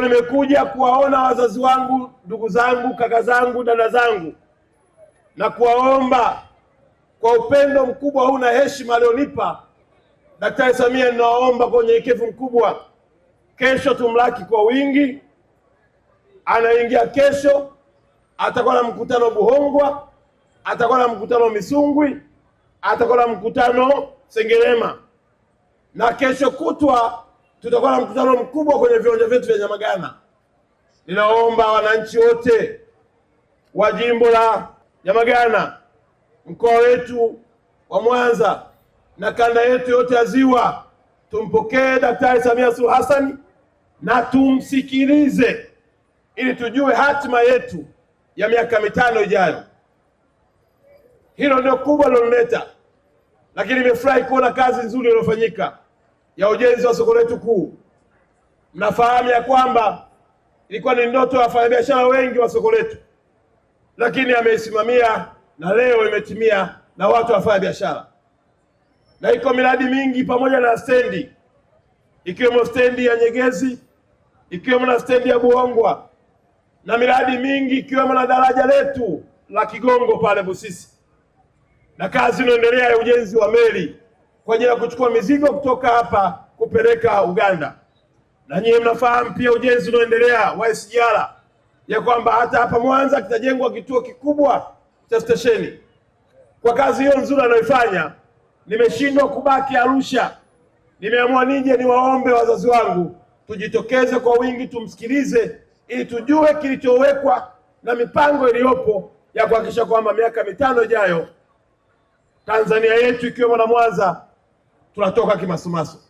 nimekuja kuwaona wazazi wangu, ndugu zangu, kaka zangu, dada zangu, na kuwaomba kwa upendo mkubwa huu na heshima alionipa Daktari Samia, ninaomba kwa unyenyekevu mkubwa, kesho tumlaki kwa wingi. Anaingia kesho, atakuwa na mkutano Buhongwa, atakuwa na mkutano Misungwi, atakuwa na mkutano Sengerema na kesho kutwa tutakuwa na mkutano mkubwa kwenye viwanja vyetu vya Nyamagana. Ninaomba wananchi wote wa jimbo la Nyamagana, mkoa wetu wa Mwanza na kanda yetu yote ya Ziwa, tumpokee Daktari Samia Suluhu Hassan na tumsikilize ili tujue hatima yetu ya miaka mitano ijayo. Hilo ndio kubwa lilonileta, lakini nimefurahi kuona kazi nzuri iliyofanyika ya ujenzi wa soko letu kuu. Mnafahamu ya kwamba ilikuwa ni ndoto ya wafanyabiashara wengi wa soko letu, lakini ameisimamia na leo imetimia na watu wafanya biashara, na iko miradi mingi pamoja na stendi, ikiwemo stendi ya Nyegezi, ikiwemo na stendi ya Buhongwa na miradi mingi ikiwemo na daraja letu la Kigongo pale Busisi na kazi inaendelea ya ujenzi wa meli kwa ajili ya kuchukua mizigo kutoka hapa kupeleka Uganda. Na nyinyi mnafahamu pia ujenzi unaoendelea wa SGR ya kwamba hata hapa Mwanza kitajengwa kituo kikubwa cha stesheni. Kwa kazi hiyo nzuri anayoifanya, nimeshindwa kubaki Arusha, nimeamua nije niwaombe wazazi wangu tujitokeze kwa wingi tumsikilize, ili tujue kilichowekwa na mipango iliyopo ya kuhakikisha kwamba miaka mitano ijayo Tanzania yetu ikiwemo na Mwanza tunatoka kimasumasu.